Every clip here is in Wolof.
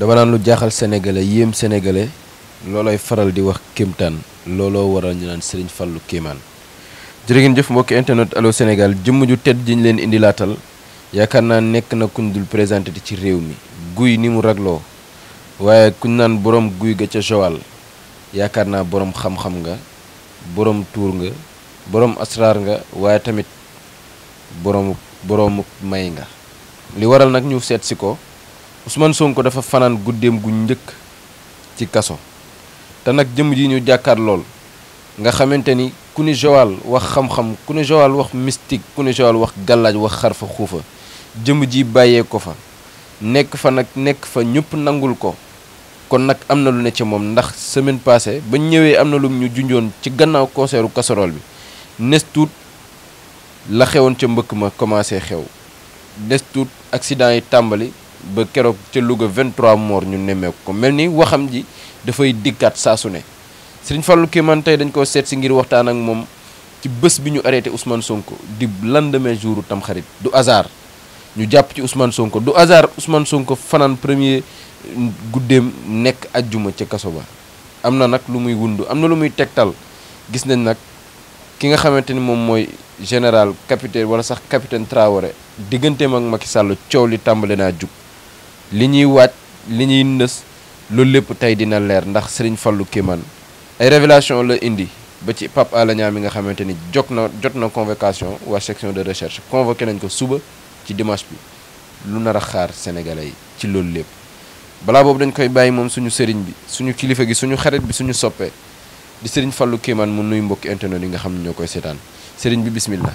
dama naan lu jaaxal sénégalais yéem sénégalais loolooy faral di wax kéemtaan looloo waral ñu naan Serigne Fallou kéemaan jërë ngeen jëf mbokki internet Allô senegal jëmm ju tedd ji ñu leen indi laatal yaakaar naa nekk na kuñ dul présenté ci réew mi guy ni mu ragloo waaye kuñ naan borom guy ga ca Joal yaakaar naa boroom xam-xam nga boroom tuur nga borom asraar nga waaye tamit borom boroomu may nga li waral nag ñu seet si ko. Ousmane Sonko dafa fanaan guddeem gu njëkk ci kaso te nag jëmm ji ñu jàkkaar lool nga xamante ni ku ni Joal wax xam-xam ku ni Joal wax mystique ku ni Joal wax gàllaaj wax xarfa xuufa jëmm ji bàyyee ko fa nekk fa nag nekk fa ñëpp nangul ko kon nag am na lu ne ci moom ndax semaine passée ba ñëwee am na lu ñu junjoon ci gannaaw concert u bi nes tuut la xewoon ca mbëkk ma commencé xew des tuut accident yi tàmbali ba keroog ca Louga 23 morts ñu nemmeeku ko mel ni waxam ji dafay dikkaat saa su ne Serigne Fallou Kémane tey dañ koo seet si ngir waxtaan ak moom ci bés bi ñu arrêté Ousmane Sonko di lendemain jour Tamxarit du hasard ñu jàpp ci Ousmane Sonko du hasard Ousmane sunko fanaan premier guddeem nekk ajjuma ca kaso ba am na nag lu muy wund am na lu muy tegtal gis nañ nag ki nga xamante ni moom mooy général capitaine wala sax capitaine Traoré digganteem ak Macky Sall coow li tàmbale naa jug. li ñuy waaj li ñuy nës loolu lépp tey dina leer ndax Serigne Fallou Kéman ay révélation la indi ba ci Pape Alé Niang nga xamante ni jot na jot na convocation waa section de recherche convoqué nañ ko suba ci dimanche bi lu nar a xaar sénégalais yi ci loolu lépp balaa boobu dañ koy bàyyi moom suñu sëriñ bi suñu kilifa gi suñu xarit bi suñu soppee di Serigne Fallou Kéman mu nuy mbokki internet yi nga xam ne ñoo koy seetaan sëriñ bi bismillah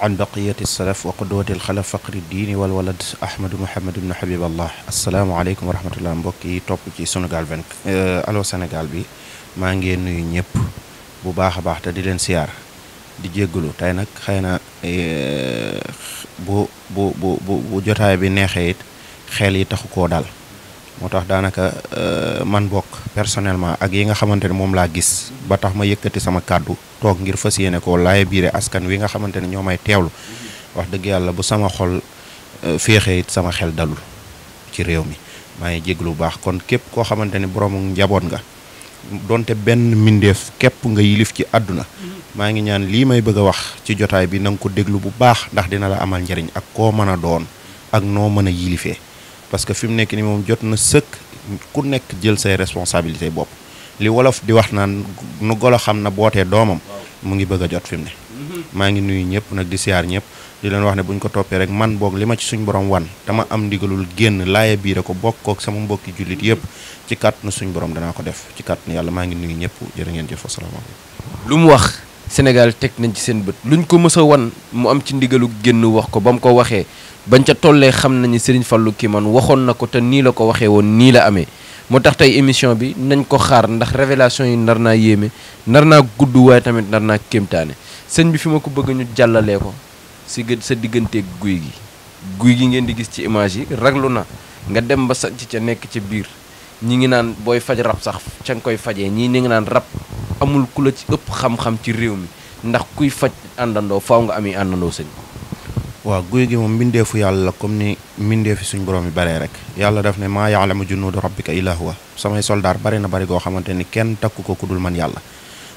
an baqiyati salaf wa qudwati alxalaf faqri diini wal walad ahmadu muhammad ibnu habib allah asalaamaaleykum wa rahmatullah mbokk yi topp ci Sunugal 24 euh, Allô Sénégal bi maa ngi nuyu ñëpp bu baax a baax te di leen siyaar di jéggalu tey nag xëy na euh, bu bu bu jotaay bi neexee it xel yi taxu ko daal moo tax daanaka euh, man mbokk personnellement ak yi nga xamante ne moom laa gis ba tax ma yëkkati sama kàddu toog ngir fas yéene koo laay biire askan wi nga xamante ne ñoo may teewlu wax dëgg yàlla bu sama xol euh, féexee sama xel dalul ci réew mi maa ngi jéglu bu baax kon képp koo xamante ne boroomu njaboot nga donte benn mbindeef képp nga yilif ci àdduna maa ngi ñaan lii may bëgg a wax ci jotaay bi na nga ko déglu bu baax ndax dina la amal njariñ ak koo mën a doon ak noo mën a yilifee parce que fi mu nekk ni moom jot na sëkk ku nekk jël say responsabilité bopp li wolof di wax naan nu golo xam na bootee doomam mu ngi bëgg a jot fi mu ne mm-hmm. maa ngi nuyu ñëpp nag di siyaar ñëpp di leen wax ne buñ ko toppee rek man boog li ma ci suñ borom wan dama am ndigalul génn laaya biire ko bokk bokkook sama mbokki jullit mm-hmm. yëpp ci kàttanu suñ borom danaa ko def ci kàttanu yàlla maa ngi nuyu ñëpp jërë ngeen jëf asalaamaaleykum lu mu wax Sénégal teg nañ ci seen bët luñ ko mës a wan mu am ci ndigalu génn wax ko ba mu ko waxee bañ ca tollee xam nañu Serigne Fallou kii man waxoon na ko te nii la ko waxee woon nii la amee moo tax tey émission bi nañ ko xaar ndax révélation yi nar naa yéeme nar naa gudd waaye tamit nar naa kéemtaane sëñ bi fi ma ko bëgg ñu jàllalee ko si sa digganteeg guy gi guy gi ngeen di gis ci image yi raglu na nga dem ba sax ci ca nekk ca biir ñi ngi naan booy faj rab sax ca nga koy fajee ñii ñi ngi naan rab amul ku la ci ëpp xam-xam ci réew mi ndax kuy faj àndandoo faaw nga amee àndandoo sëñ. waaw guy gi moom mbindeefu yàlla la comme ni mbindeefi suñu borom yi baree rek yàlla def ne maa ma yaalamu junuuda rabbika illaa huwa samay soldaar bari na bari goo xamante ni kenn takku ko ku dul man yàlla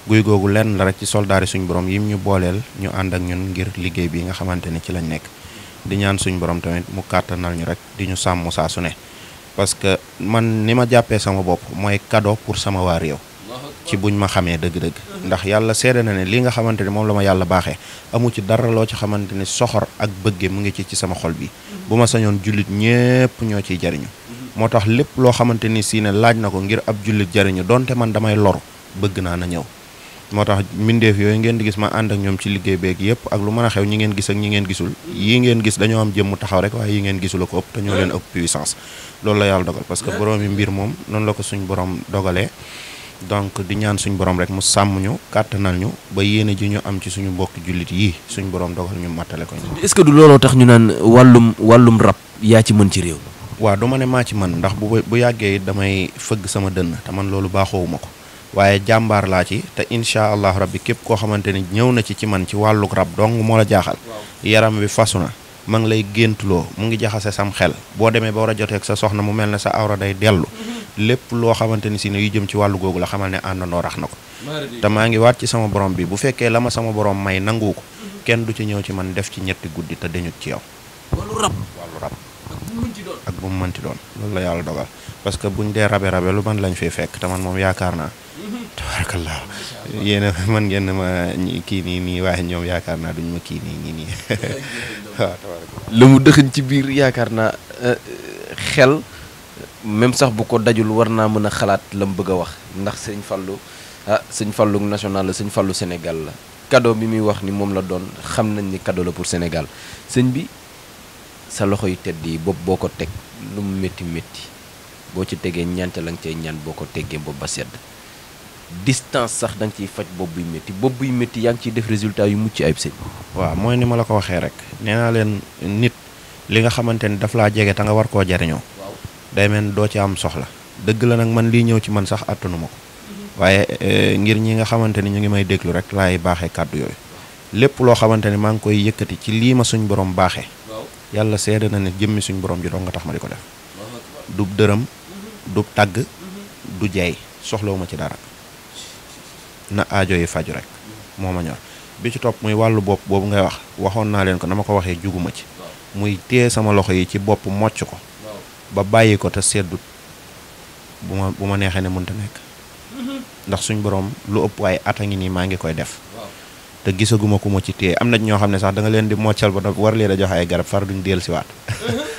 guy googu lenn la ci soldaar suñu suñ borom yim ñu booleel ñu ànd ak ñun ngir liggéey bi nga xamante ni ci lañ nekk di borom tamit mu kàttanal ñu rek di ñu sàmm saa su parce que man ni ma jàppee sama bopp mooy cadeau pour sama waa réew ci buñ ma xamee dëgg-dëgg ndax yàlla seede na ne lii nga xamante ne moom la ma yàlla baaxee amu ci dara loo ci xamante ne soxor ak bëgge mu ngi ci ci sama xol bi mhm. bu ma sañoon jullit ñépp ñoo ciy jariñu mhm. moo tax lépp loo xamante ni si ne laaj na ko ngir ab jullit jariñu donte man damay loru bëgg naa na ñëw moo tax mbindeef yooyu ngeen di gis ma ànd ak ñoom ci liggéey beeg yëpp ak lu mën a xew ñi ngeen gis ak ñi ngeen gisul yi ngeen gis dañoo am jëmm taxaw rek waaye yi ngeen gisula ko ëpp te ñoo leen ëpp puissance loolu la yàlla dogal parce que borom yi mbir moom noonu la ko suñ borom dogalee donc di ñaan suñu borom rek mu sàmm ñu kàttanal ñu ba yéene ji ñu am ci suñu mbokk jullit yi suñu borom dogal ñu mattale ko ñu. est-ce que du looloo tax ñu naan wàllum wàllum rab yaa ci mën ci réew. waaw du ma ne maa ci mën ndax bu bu yàggee damay fëgg sama dënn te man loolu baaxoowuma ko waaye jàmbaar laa ci te incha rab rabbi képp koo xamante ni ñëw na ci ci man ci wàlluk rab dong moo la jaaxal yaram wi fasu na ma ngi lay géntuloo mu ngi jaxase sam xel boo demee ba war a joteeg sa soxna mu mel ne sa awra dellu mm-hmm. lépp loo xamante ni si ne yu jëm ci wàllu googu la xamal ne àndandoo rax na ko te maa ngi waat ci sama borom bi bu fekkee la ma sama borom may nangu ko mm-hmm. kenn du ci ñëw ci man def ci ñetti guddi te dañut ci yow wàllu rab wàllu rab ak bu mu mënti la yàlla dogal parce que buñ dee rabe rabe lu man lañ fiy fekk te man yaakaar naa tabarakallah yéen man ngeen ma kii nii nii waaye ñoom yaakaar naa duñ ma kii nii nii nii waaw la mu dëxëñ ci biir yaakaar naa euh, xel même sax bu ko dajul war naa mën a xalaat la mu bëgg a wax ndax sëñ fallu ah sëñ Fallou national la sëñ fallu senegal la kado bi muy wax ni moom la doon xam nañ ni kado la pour senegal sëñ bi sa loxo yu tedd yi bopp boo ko teg lu mu métti métti boo ci tegee ñaante la nga cay ñaan boo ko tegee bopp ba sedd distance sax da ciy faj bopp buy métti bopp buy métti yaa ngi ciy def résultat yu mucc ayib sëñ waaw mooy ni ma la ko waxee rek nee naa leen nit li nga xamante ni daf laa jege te nga war koo jariñoo day mel doo ci am soxla dëgg la nag man lii ñëw ci man sax attanu ko mhm. waaye eh, ngir ñi nga xamante ni ñu ngi may déglu rek laay baaxee kàddu yooyu lépp loo xamante ni maa ngi koy yëkkati ci lii ma suñ borom baaxee yàlla seede na ne jëmmi suñ borom ji doon nga tax ma ko def mhm. mhm. du dërëm du tàgg du jaay soxlawuma ci dara na ajo yi faju rek moo ma ñor bi ci topp muy wàllu bopp boobu ngay wax waxoon naa leen ko na ma ko waxee juguma ci muy téye sama loxo yi ci bopp mocc ko ba bàyyi ko te seddut bu ma bu ma neexee ne mënta nekk ndax suñ borom lu ëpp waaye at a ngi nii maa ngi koy def te gisaguma ku ma ci téye am na ñoo xam ne sax da leen di moccal ba war leen a jox ay garab far duñ dellusiwaat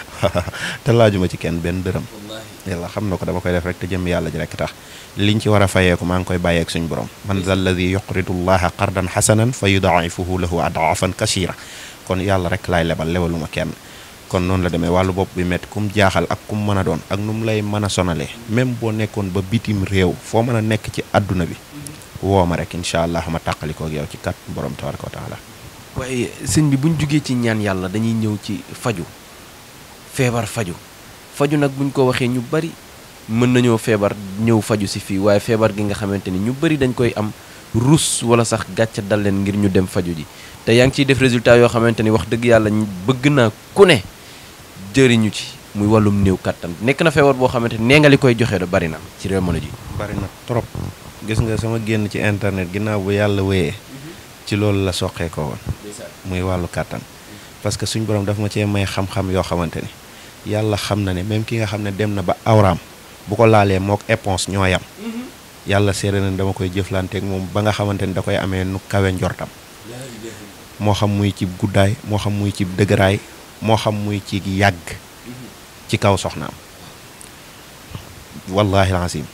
te laajuma ci kenn benn dërëm yàlla xam na ko dama koy def rek te jëm yàlla ji rek li liñ ci war a fayeeku maa ngi koy bàyyeek suñ borom man zal ladi yuqridu llaha qardan xasanan fa yudaifuhu lahu adaafan kasira kon yàlla rek laay lebal lebaluma kenn kon noonu la demee wàllu bopp bi métti kum jaaxal ak kum mën a doon ak nu mu lay mën a sonalee même boo nekkoon ba bitim réew foo mën a nekk ci àdduna bi woo ma rek incha allah ma tàqalikoog yow ci kat borom tabaraka wa taala waaye sëñ bi buñ jugee ci ñaan yàlla dañuy ñëw ci faju feebar faju faju nag bu buñ ko waxee ñu bari mën nañoo feebar ñëw faju si fii waaye feebar gi nga xamante ni ñu bari dañ koy am ruus wala sax gàcce dal leen ngir ñu dem faju ji te yaa ngi ciy def résultat yoo xamante ni wax dëgg yàlla bëgg naa ku ne jëriñu ci muy wàllum néew kattan nekk na feebar boo xamante nee nga li koy joxee da bari na ci jamono ji. bari na trop gis nga sama génn ci internet ginnaaw bu yàlla wéyee ci loolu la soqee ko woon muy wàllu kattan parce que suñ borom daf ma cee may xam yoo xamante ni. yàlla xam na ne même ki nga xam ne dem na ba awraam bu ko laalee mook éponge ñoo yam mm-hmm. yàlla seede na dama koy jëflanteek moom ba nga xamante ni da koy amee nu kawe njortam moo xam muy cib guddaay moo xam muy cib dëgëraay moo xam muy ci yàgg mm-hmm. ci kaw soxnaam wallaahi lancim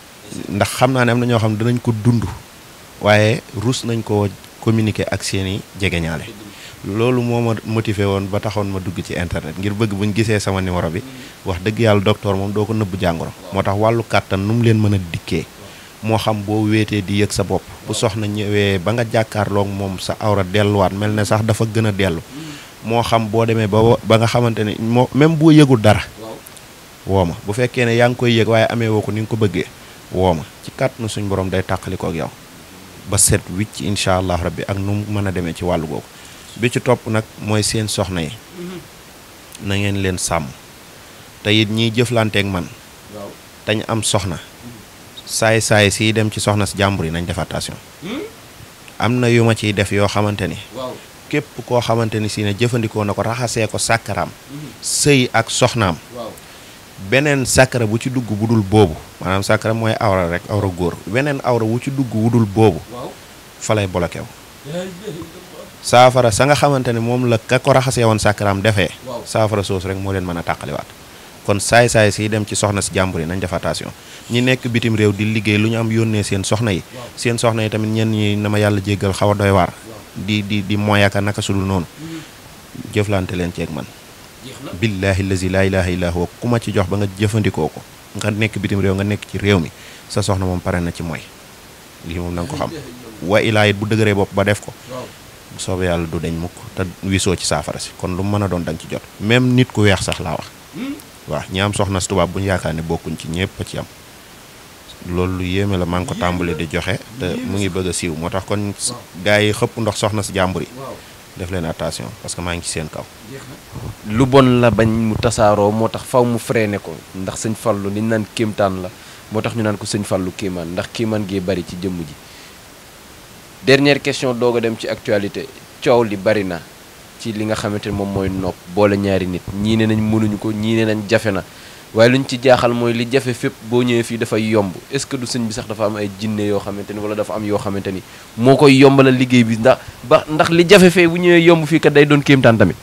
ndax xam naa ne am na ñoo xam ne danañ ko dund waaye ruus nañ ko communiquer ak seeni jegeñaale loolu moo ma motivé woon ba taxoon ma dugg ci internet ngir bëgg bu ñu gisee sama numéro bi wax dëgg yàlla doctor moom doo ko nëbb jàngoro moo tax wàllu kàttan nu mu leen mën a dikkee moo xam boo wéetee di yëg sa bopp bu soxna ñëwee ba nga jàkkaarloog moom sa awra delluwaat mel ne sax dafa gën a dellu moo xam boo demee ba ba nga xamante ne moo même boo yëgul dara woo ma bu fekkee ne yaa ngi koy yëg waaye amee woo ko ni nga ko bëggee woo ma ci kàttanu suñ borom day tàqalikook yow ba set wicc incha allah rabbi ak nu mu mën a demee ci wàllu googu bi ci topp nag mooy seen soxna yi mm-hmm. na ngeen leen sàmm te it ñiy jëflanteeg man tañ am soxna mm-hmm. saay saay siy dem ci soxna si jàmbur yi nañ def attention hmm? am na yu ma ciy def yoo xamante ni képp koo xamante ni si ne jëfandikoo na ko raxasee ko sàkkaraam mm-hmm. sëy ak soxnaam beneen sàkkara bu ci dugg bu dul boobu maanaam sàkkara mooy awra rek awra góor beneen awra bu ci dugg wudul boobu falay lay bolokew saafara sa nga xamante ne moom la ka ko raxasee woon sàkkaraam defee saafara soosu rek moo leen mën a tàqaliwaat kon saay-saay siy dem ci soxna si jàmbur yi nañ def attention ñi nekk bitim réew di liggéey lu ñu am yónnee seen soxna yi seen soxna yi tamit ñenn ñi na ma yàlla jéggal xaw a doy waar di di di moyaka naka sudul noonu mm-hmm. jëflante leen ceeg man billaahi lazi laa ilaaha illaa huwa ku ma ci jox ba nga jëfandikoo ko nga nekk bitim réew nga nekk ci réew mi sa soxna moom pare na ci mooy lii moom ko xam wa ilaa bu dëgëree bopp ba def ko soobee yàlla du deñ mukk te wisoo ci saafara si kon lu mën a doon da ci jot même nit ku weex sax laa wax waa ñi soxna si tubaab bu ñu yaakaar ne bokkuñ ci ñëpp a ci am loolu lu yéeme la maa ngi ko tàmbali di joxe te mu ngi bëgg a siiw moo tax kon gars yi xëpp ndox soxna si jàmbur yi def leen attention parce que maa ngi ci seen kaw. lu bon la bañ mu tasaaroo moo tax faw mu ne ko ndax sëñ Fallu li ñu naan kéemtaan la moo tax ñu naan ko sëñ Fallu kéemaan ndax kéemaan gee bari ci jëmm ji. dernière question doog a dem ci actualité coow li bari na ci li nga xamante ne moom mooy nopp boole ñaari nit ñii ne nañ mënuñu ko ñii ne nañ jafe na waaye lu ñu ci jaaxal mooy li jafe fépp boo ñëwee fii dafay yomb est-ce que du sëñ bi sax dafa am ay jinne yoo xamante ni wala dafa am yoo xamante ni moo koy yombalal liggéey bi ndax ba ndax li jafe bu ñëwee yomb fii kat day doon kéemtaan tamit.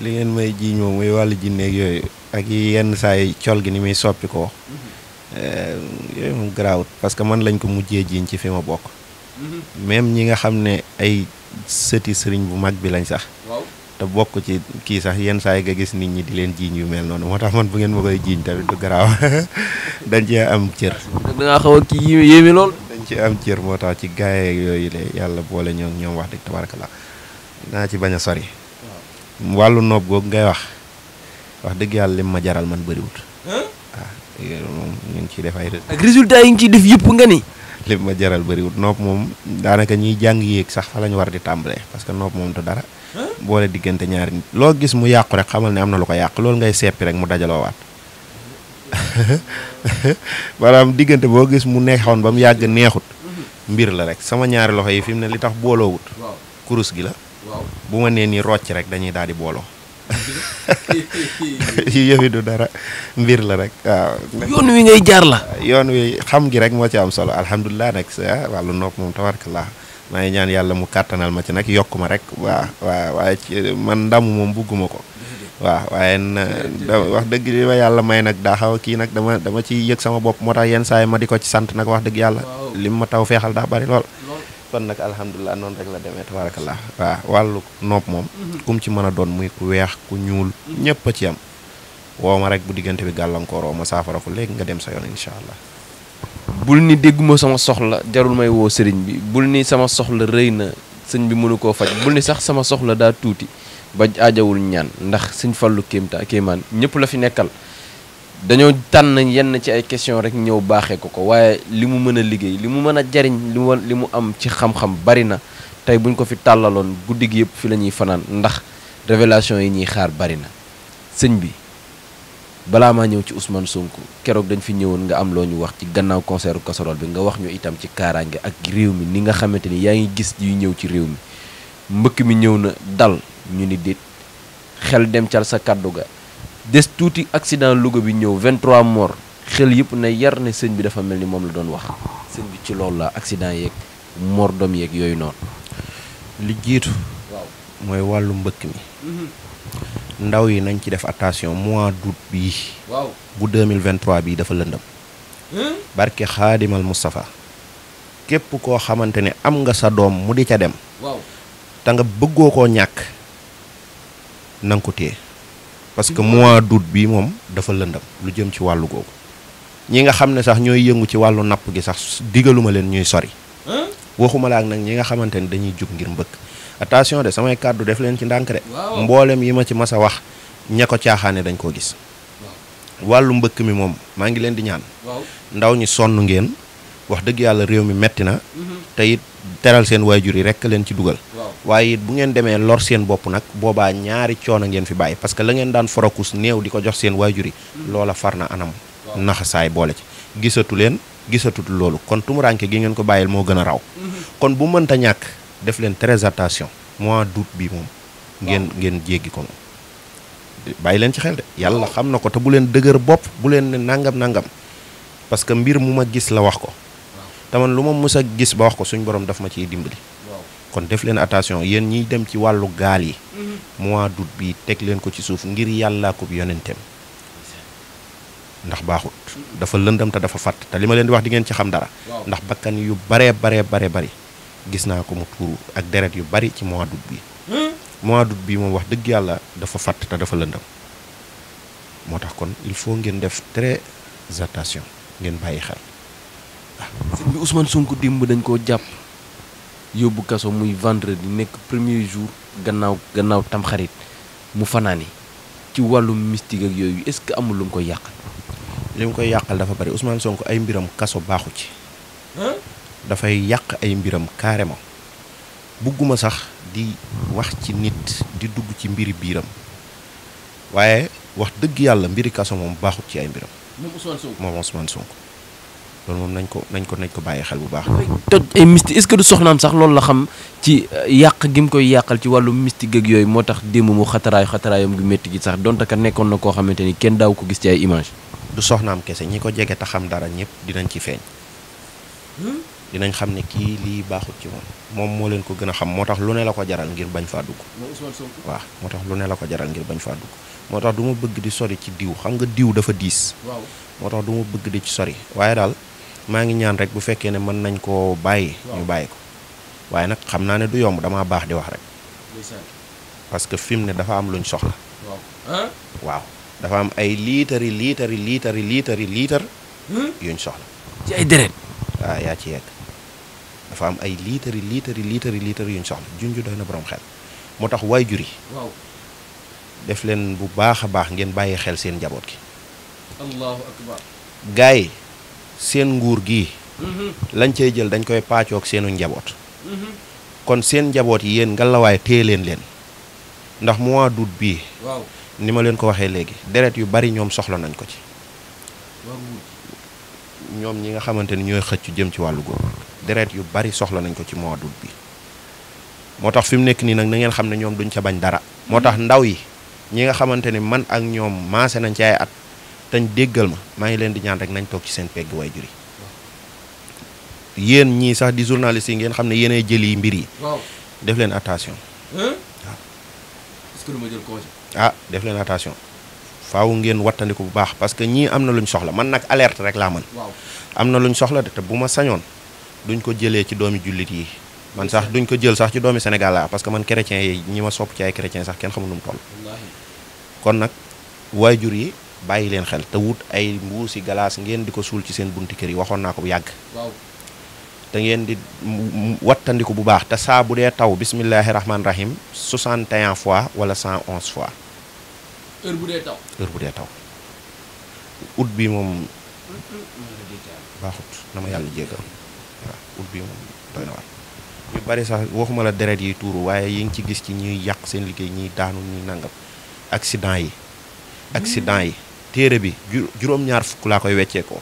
li ngeen may ji moom muy wàll jinne ak yooyu ak yenn saa yi col gi ni muy soppi ko mm-hmm. eh, yooyu moom garaawut parce que man lañ ko mujjee jiiñ ci fi ma bokk. même ñi nga xam ne ay sëti sëriñ bu mag bi lañ sax te bokk ci kii sax yenn saa yi nga gis nit ñi di leen jiiñ yu mel noonu moo tax man bu ngeen ma koy jiiñ tamit du garaaw dañ ci am cër da ngaa xaw a kii dañ ci am cër moo tax ci gaay yooyu le yàlla boole ñoo ñoom wax dëgg tabaraka la naa ci bañ a sori wàllu noob googu ngay wax wax dëgg yàlla lim ma jaral man bëriwut waaw ah, moom ñu ngi ciy def résultat yi ngi ciy def yëpp nga ni lépp ma jaral bëriwut nopp moom daanaka ñuy jàng yéeg sax fa la ñu war di tàmbalee parce que nopp moom du dara. boole diggante ñaari nit loo gis mu yàqu rek xamal ne am na lu ko yàq loolu ngay seppi rek mu dajaloowaat maanaam diggante boo gis mu neexoon ba mu yàgg neexut. Mhm. mbir la rek sama ñaari loxo yi fi mu ne li tax booloowut. kurus gi la. bu ma nee nii rocc rek dañuy daal di booloo. yëfi du dara mbir la rek waaw. yoon wi ngay jaar la. yoon wi xam gi rek moo ci am solo alhamdulilah nag sa wàllu nopp moom tabarkallah maa ngi ñaan yàlla mu kàttanal ma ci nag yokk ma rek waaw waaye ci man ndamu moom bugguma ko. waaw waaye wax dëgg yàlla may nag daa xaw a kii nag dama dama ci yëg sama bopp moo tax yenn saa ma di ko ci sant nag wax dëgg yàlla. lim ma taw feexal daa bari lool. kon nag alhamdulilah noonu rek la demee tabarakallah waaw wàllu nopp moom kum ci mën a doon muy ku weex ku ñuul ñëpp a ci am woo ma rek bu diggante bi gàllankooroo ma saafara ko léegi nga dem sa yoon incha allah bul ni dégguma sama soxla jarul may woo sëriñ bi bul ni sama soxla rëy na sëñ bi mënu koo faj bul ni sax sama soxla daa tuuti ba aajawul ñaan ndax sëñ Fallu kéemta kéemaan ñëpp la fi nekkal dañoo tànn yenn ci ay question rek ñëw baaxee ko ko waaye li mu mën a liggéey li mu mën a jariñ li mu li mu am ci xam-xam bari na tey buñ ko fi tàllaloon guddi gi yëpp fi la ñuy fanaan ndax révélation yi ñuy xaar bari na sëñ bi balaa maa ñëw ci Ousmane Sonko keroog dañ fi ñëwoon nga am loo ñu wax ci gannaaw concert casserole bi nga wax ñu itam ci kaaraange ak réew mi ni nga xamante ni yaa ngi gis yuy ñëw ci réew mi mbëkk mi ñëw na dal ñu ni déet xel dem cal sa kàddu ga des tuuti accident Louga bi ñëw 23 morts xel yëpp na yar ne sëñ bi dafa mel ni moom la doon wax sëñ bi ci loolu la accident yeeg mor doom yeeg yooyu noonu. li jiitu. waaw mooy wàllu mbëkk mi. Mhm. ndaw yi nañ ci def attention mois d'août bi waaw bu 2023 bii dafa lëndëm. barke xaadimal Moustapha. képp koo xamante ne am nga sa doom mu di ca dem. waaw te nga bëggoo koo ñàkk na ko téye. parce que mois d'août bi moom dafa lëndam lu jëm ci wàllu googu ñi nga xam ne sax ñooy yëngu ci wàllu napp gi sax digaluma leen ñuy sori waxuma la ak nag ñi nga xamante ne dañuy jug ngir mbëkk attention de samay kàddu def leen ci ndànk de mboolem yi ma ci mas a wax ña ko caaxaane dañ koo gis wàllu mbëkk mi moom maa ngi leen di ñaan ndaw ñi sonn ngeen wax dëgg yàlla réew mi metti na mhm. te it teral seen waajur yi rekk leen ci dugal waaye it bu ngeen demee lor seen bopp nag boobaa ñaari a ngeen fi bàyyi parce que la ngeen daan forokus néew di ko jox seen waajur yi loola far na anam naxasaay boole ci gisatu leen gisatut loolu kon tumuraanke gi ngeen ko bàyyil moo gën a raw mm-hmm. kon bu mënta ñàkk def leen très mois d'août bi moom ngeen ngeen jéggi ko bàyyi leen ci xel de yàlla xam na ko te bu leen dëgër bopp bu leen ne nangam nangam parce que mbir mu ma gis la wax ko te man lu ma mës a gis ba wax ko suñ borom daf ma ciy dimbali kon def leen attention yéen ñiy dem ci wàllu gaal yi mhm. mois d'août bi teg leen ko ci suuf ngir yàllaa ko yonenteem ndax baaxut dafa lëndam te dafa fàtt te li ma leen di wax di ngeen ci xam dara ndax bakkan yu baree baree bare bari gis naa ko mu tuuru ak deret yu bari ci mois d'août hmm? mois d'août bi moom wax dëgg yàlla dafa fàtt te dafa lëndam moo tax kon il faut ngeen def très attention ngeen bàyyi xel waaw sëñ bi dañ koo jàpp yóbbu kaso muy vendredi nekk premier jour gannaaw gannaaw tamxarit mu fanaani ci wàllu mystique ak yooyu est-ce que amul lu mu koy yàq li mu koy yàqal dafa bari Ousmane Sonko ay mbiram kaso baaxu ci. dafay yàq ay mbiram carrément. bugguma sax di wax ci nit di dugg ci mbiri biiram waaye wax dëgg yàlla mbiri kaso moom baaxul ci ay mbiram. moom Ousmane Sonko moom Ousmane loolu moom nañ ko nañ ko nañ ko bàyyi xel bu baax. toj ay mystique est-ce que du soxnaam sax loolu la xam ci euh, yàq gi mu koy yàqal ci wàllu mystique ak yooyu moo tax démb mu xataraayu xataraayam métti gi sax donte ka nekkoon na koo xamante ni kenn daaw ko gis ci soxnaam kese ñi ko jege te xam dara ñëpp dinañ ci feeñ. Hmm? dinañ xam ne kii lii baaxut ci moom moo leen ko gën a xam moo tax lu ne la ko jaral ngir bañ faa dugg. waaw moo tax lu ne la ko jaral ngir bañ faa dugg moo tax du ma bëgg di sori ci diw xam nga diw dafa diis. moo tax du ma bëgg di ci sori waaye daal maa ngi ñaan rek bu fekkee ne mën nañ koo bàyyi. ñu bàyyi ko waaye nag xam naa ne du yomb damaa baax di wax rek. parce que fi mu ne dafa am luñ soxla. waaw dafa am ay liitar yi liitari yi liitar hmm? yuñ soxla. ci ay deret. dafa am ay liitar yi liitar yi yuñ soxla junj doy na borom xel moo tax waajur yi. waaw def leen bu baax a baax ngeen bàyyi xel seen njaboot gi. allahu akbar seen nguur gi lañ cee jël dañ koy paacoog seenu njaboot kon seen njaboot yi yéen ngalawaay téye leen leen ndax mois d'août bii ni ma leen ko waxee léegi deret yu bari ñoom soxla nañ ko ci ñoom ñi nga xamante ni ñooy xëcc jëm ci wàllu góor deret yu bari soxla nañ ko ci mois d'août bi moo tax fi mu nekk nii nag na xam ne ñoom duñ ca bañ dara moo tax ndaw yi ñi nga xamante ni man ak ñoom maase nañ ci ay at tañ déggal ma maa ngi leen di ñaan rek nañ toog ci seen pegg waajur yi yéen ñii sax di journaliste yi ngeen xam ne yéenay jëli mbir yi. def leen attention. waaw. est ko ah def leen attention faaw ngeen wattandiku bu baax parce que ñii am na luñ soxla man nag alerte rek laa man am na luñ soxla te bu ma sañoon duñ ko jëlee ci doomi jullit yi. man sax duñ ko jël sax ci doomi Sénégal laa parce que man chrétien yi ñi ma sopp ci ay chrétien sax kenn xamul nu mu toll. kon nag waajur yi bàyyi leen xel te wut ay mbuusi galaas ngeen di ko suul ci seen bunti kër yi waxoon naa ko bu yàgg. waaw te ngeen di wattandiku bu baax te saa bu dee taw bismillahi rahmaani rahim 61 fois wala 111 fois. heure bu dee taw heure ut bi moom. baaxut na ma yàlla jéggal ut bi moom doy na waar. ñu bari sax waxuma la deret yi tuuru waaye yi ngi ci gis ci ñuy yàq seen liggéey ñuy daanu ñuy nangam accident yi. accident yi. téere bi juróom-ñaar fukk laa koy wecceekoo.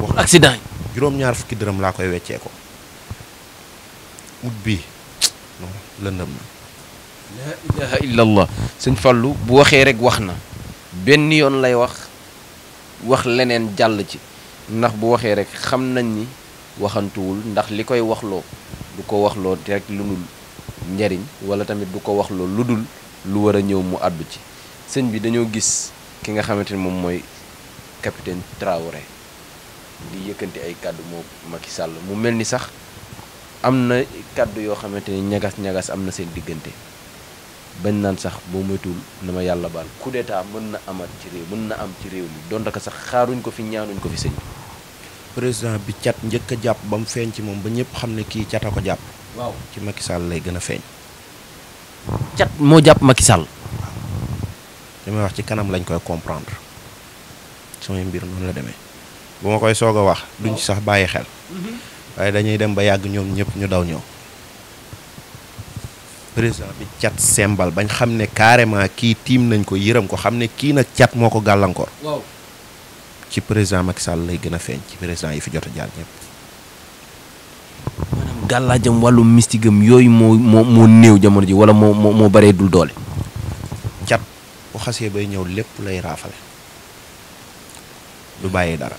wax accident juróom-ñaar fukki dërëm laa koy wecceekoo. ut bi non lëndëm na. la ilaha illallah sëñ Fallou bu waxee rek wax na benn yoon lay wax wax leneen jàll ci ndax bu waxee rek xam nañ ni waxantuwul ndax li koy waxloo du ko waxloo rek lu dul njariñ wala tamit du ko waxloo lu dul lu war a ñëw mu àddu ci. sëñ bi dañoo gis ki nga xamante ni moom mooy capitaine Traoré di yëkkanti ay kàddu moo Macky Sall mu mel ni sax am na kàddu yoo xamante ni ñagas-ñagas am na seen diggante bañ naan sax boo moytuwul na ma yàlla baal ku coup d'état mën na amat ci réew mën na am ci réew mi donte ko sax xaaruñ ko fi ñaanuñ ko fi sëñ président bi cat njëkk jàpp ba mu feeñ ci moom ba ñëpp xam ne kii cat a ko jàpp. waaw ci Macky Sall lay gën a feeñ. cat moo jàpp Macky Sall. li wax ci kanam lañ koy comprendre samay mbir noonu la demee bu ma koy soog a wax duñ ci sax bàyyi xel mm-hmm. waaye dañuy dem ba yàgg ñoom ñëpp ñu daw ñëw président bi cat sembal bañ xam ne carrément kii tiim nañ ko yërëm ko xam ne kii nag cat moo ko gàllankoor ci président Macky Sall lay gën a feeñ ci président yi fi jot a jaar ñëpp maanaam gàllaajam wàllu mystique yooyu moo moo moo néew jamono ji wala moo moo moo baree dul doole bu xasee bay ñëw lépp lay raafale du bàyyi dara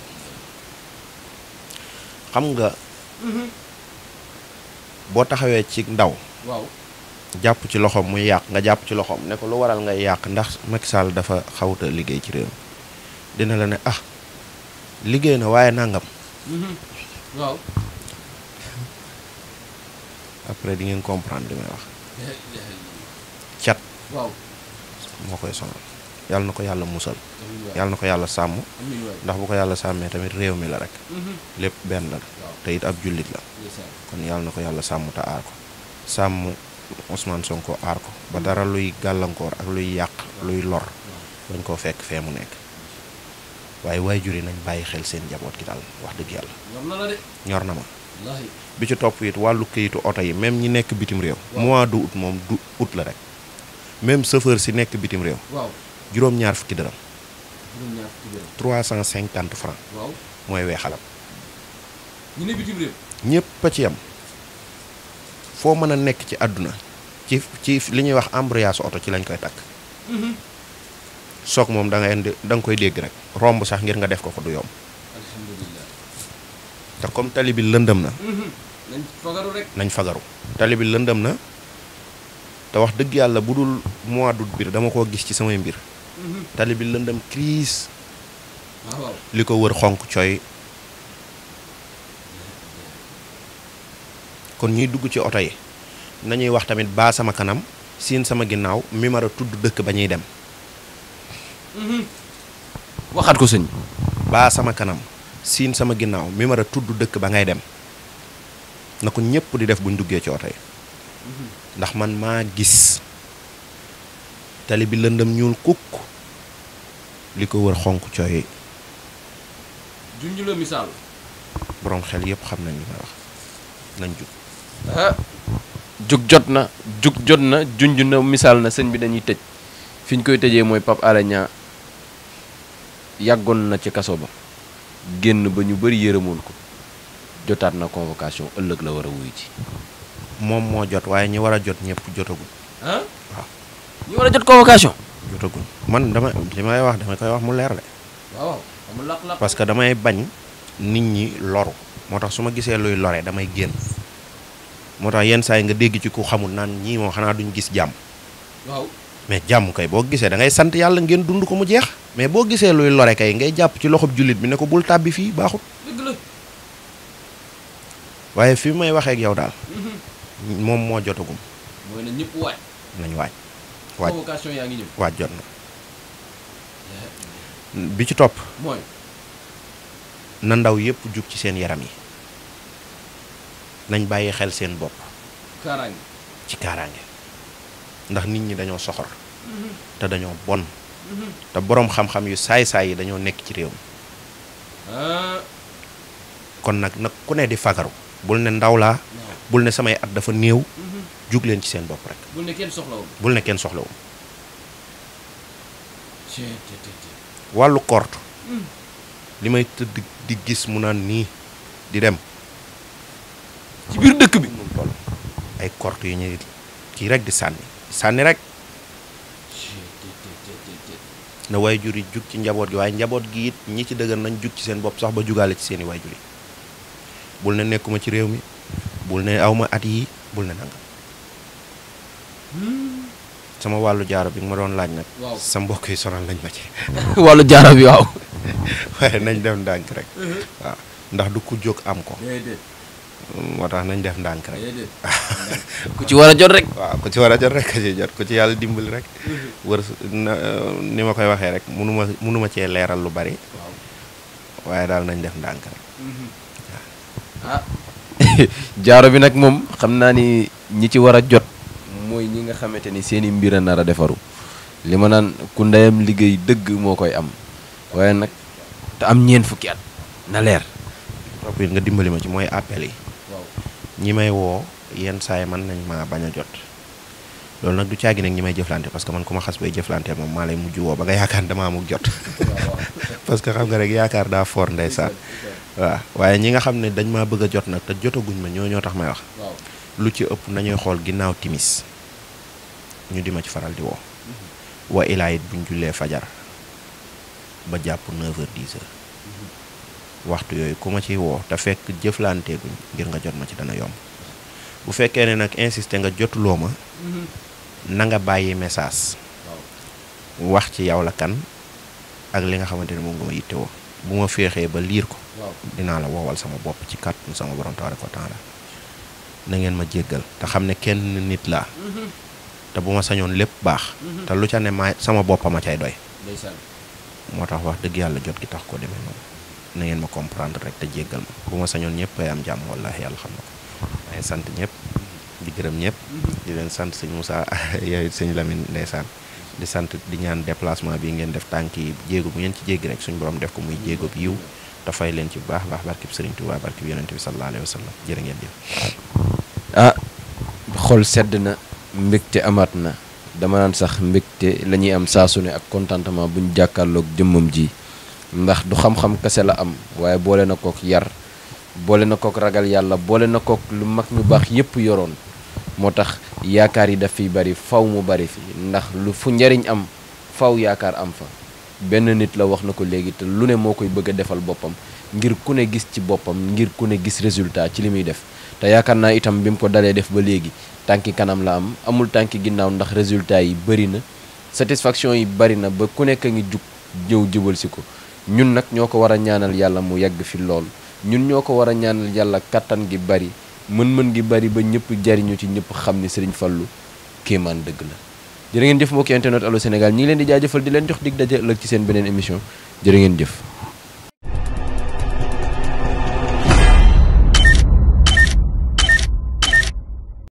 xam nga boo taxawee ci ndaw waaw jàpp ci loxoom muy yàq nga jàpp ci loxoom ne ko lu waral ngay yàq ndax Macky Sall dafa xawta liggéey ci réew dina la ne ah liggéey na waaye nangam mm-hmm. waaw après di comprendre li may wax eh, eh, eh. cat moo koy sonal yàlla na ko yàlla musal yàlla na ko yàlla sàmm ndax bu ko yàlla sàmmee tamit réew mi la rek mm-hmm. lépp benn la te it ab jullit la kon yàlla na ko yàlla sàmm te aar ko sàmm Ousmane Sonko aar ko ba dara luy gàllankoor ak luy yàq luy lor bañ koo fekk fee mu nekk waaye waajur yi nañ bàyyi xel seen njaboot gi daal wax dëgg yàlla ñor na ma bi ci topp it wàllu kayitu oto yi même ñi nekk bitim réew mois d'août moom du août la rek même chauffeur si nekk bitim réew. waaw juróom-ñaar fukki dërëm. juróom-ñaar fukki francs. mooy weexalam. ñu ñëpp a ci yam foo mën a nekk ci àdduna ci ci li ñuy wax embrayage oto ci lañ koy takk. Mhm. sook moom da nga indi koy dégg rek romb sax ngir nga def ko ko du yomb. te comme tali bi lëndëm na. Mhm. nañ fagaru rek nañ fagaru. tali bi lëndëm na. te wax dëgg yàlla bu dul mois d'août bi dama koo gis ci samay mbir. Mhm. tali bi lëndam crise ah, li ko wër xonq coy. kon ñuy dugg ci oto yi nañuy wax tamit baa sama kanam siin sama ginnaaw mi mara tudd dëkk ba ñuy dem. Mhm. waxaat ko sëñ. baa sama kanam siin sama ginnaaw mi mara tudd dëkk ba ngay dem na ko ñëpp di def buñ duggee ci oto yi. ndax man maa gis tali bi lëndëm ñuul kukk li ko wër xonq cooy. junj la misaal. xam nañ li ma wax nañ jot na jug jot na junj bi dañuy tëj fi ñu koy tëjee mooy Pape Alé yàggoon na ci kaso ba génn ba ñu bëri yërëmoon ko jotaat na convocation ëllëg la war a wuyu ci. moom moo jot waaye ñi war a jot ñëpp jotaguñ. ah waaw. ñi man dama li may wax dama koy wax mu leer de. waaw que damay bañ nit ñi loru. moo tax su ma gisee luy lore damay génn moo tax yenn saa yi nga dégg ci ku xamul naan ñii moo xanaa duñ gis jàmm. mais jàmm kay boo gisee da sant yàlla ngeen dund ko mu jeex. mais boo gisee luy lore kay ngay jàpp ci loxo jullit bi ne ko bul tàbbi fii baaxut. waaye fi may waxee ak yow daal. Mhm. moom moo jotagum. mooy na ñëpp waaj. nañ waaj. waaj yaa ngi ñëw waaj jot na. Eh. bi ci topp. mooy. na ndaw yëpp jug ci seen yaram yi. nañ bàyyi xel seen bopp. kaaraange ci kaaraange. ndax nit ñi dañoo soxor. Mm-hmm. te dañoo bon. Mm-hmm. te boroom xam-xam yu saay-saay yi dañoo nekk ci réew mi. Ah. kon nag nag ku ne di fagaru. bul ne ndaw laa. bul ne samay at dafa néew. jug leen ci seen bopp rek. bul ne kenn soxlawul. bul wàllu kort. Hmm. li may tëdd di gis mu naan nii di dem. ci biir dëkk bi mun toll ay kort yu ñuy kii rek di sànni sànni rek. na waajur yi jug ci njaboot gi waaye njaboot gi it ñi ci dëgër nañ jug ci seen bopp sax ba jugaale ci seeni waajur yi bul ne nekkuma ci réew mi. bul ne aw ma at yi bul ne nanga sama wàllu jaaro bi nga ma doon laaj nag. sa mbokk yi sonal nañ ma ci. wàllu jaaro bi waaw. waaye nañ def ndànk rek. Mhm. waaw ndax du ku jóg am ko. Mm, moo tax nañ def ndànk rek. ku ci war a jot rek. waaw ku ci war a jot rek ka ci ku ci yàlla dimbali rek. Mhm. wër ni ma koy waxee rek munu ma munu cee leeral lu bari. waaye daal nañ def ndànk rek. Mhm. jaaro bi nag moom xam naa ni ñi ci war a jot mooy ñi nga xamante ni seeni mbir a nar a defaru li ma naan ku ndeyam liggéey dëgg moo koy am waaye nag te am ñeen fukki at na leer topp it nga dimbali ma ci mooy appel yi ñi may woo yenn saay mën nañ maa bañ a jot loolu nag du caagi nag ñi may jëflante parce que man ku ma xas bay jëflante moom maa lay mujj woo ba nga yaakaar ne damaa amuk jot parce que xam nga rek yaakaar daa foor ndeysaan waaw waaye ñi nga xam ne dañ ma bëgg a jot nag te jotaguñ ma ñoo ñoo tax may wax lu ci ëpp nañuy xool ginnaaw timis ñu di ma ci faral di woo mm-hmm. wa ilaa it buñ jullee fajar ba jàpp 9h 10 mm-hmm. waxtu yooyu ku ma ciy woo te fekk jëflanteeguñ ngir nga jot ma ci dana yomb bu fekkee ne nag insisté nga jotuloo ma mm-hmm. na nga bàyyi message wax ci yow la kan ak li nga xamante ne moom nga ma yittewoo bu ma féexee ba liir ko dinaa la woowal sama bopp ci kàttanu sama borom tabaaraka wa taala na ngeen ma jéggal te xam ne kenn nit laa mhm. te bu ma sañoon lépp baax mhm. te lu ca ne maa sama boppam a cay doy moo tax wax dëgg yàlla jot gi tax ko demee noonu na ngeen ma comprendre rek te jéggal ma bu ma sañoon ñëpp ay am jàmm wallaahi yàlla xam na ko may sant ñëpp di gërëm ñëpp mm-hmm. leen sant sëñ Moussa yooyu sëñ Lamine ndeysaan di sant di ñaan déplacement bi ngeen def tànk yi jéego bu ngeen ci jéggi rek suñu borom def ko muy jéego bi yiw dafay leen ci bu baax baax barkib sëriñ Tuubaa barkib yonente bi sallallahu alayhi wa sallam jërë ngeen jëf ah xol sedd na mbégte amaat na dama naan sax mbëgte la ñuy am saasu ne ak contentement bu ñu jàkkaarloog jëmmam ji ndax du xam-xam kese la am waaye boole na kook yar boole na kook ragal yàlla boole na kook lu mag ñu baax yépp yoroon moo tax yaakaar yi daf fiy bari faw mu bari fi ndax lu fu njariñ am faw yaakaar am fa benn nit la wax na ko léegi te lu ne moo koy bëgg a defal boppam ngir ku ne gis ci boppam ngir ku ne gis résultat ci li muy def te yaakaar naa itam bi mu ko dalee def ba léegi tànki kanam la am amul tànki ginnaaw ndax résultat yi bari na satisfaction yi bari na ba ku nekk a ngi jug jëw jëbal si ko ñun nag ñoo ko war a ñaanal yàlla mu yàgg fi lool ñun ñoo ko war a ñaanal yàlla kattan gi bari mën-mën ngi bari ba ñëpp jariñu ci ñëpp xam ni Serigne Fallou kéemaan dëgg la jërë ngeen jëf mbokki internet Allô Sénégal ñi ngi leen di jaajëfal di leen jox dig daje ëllëg ci seen beneen émission jërë ngeen jëf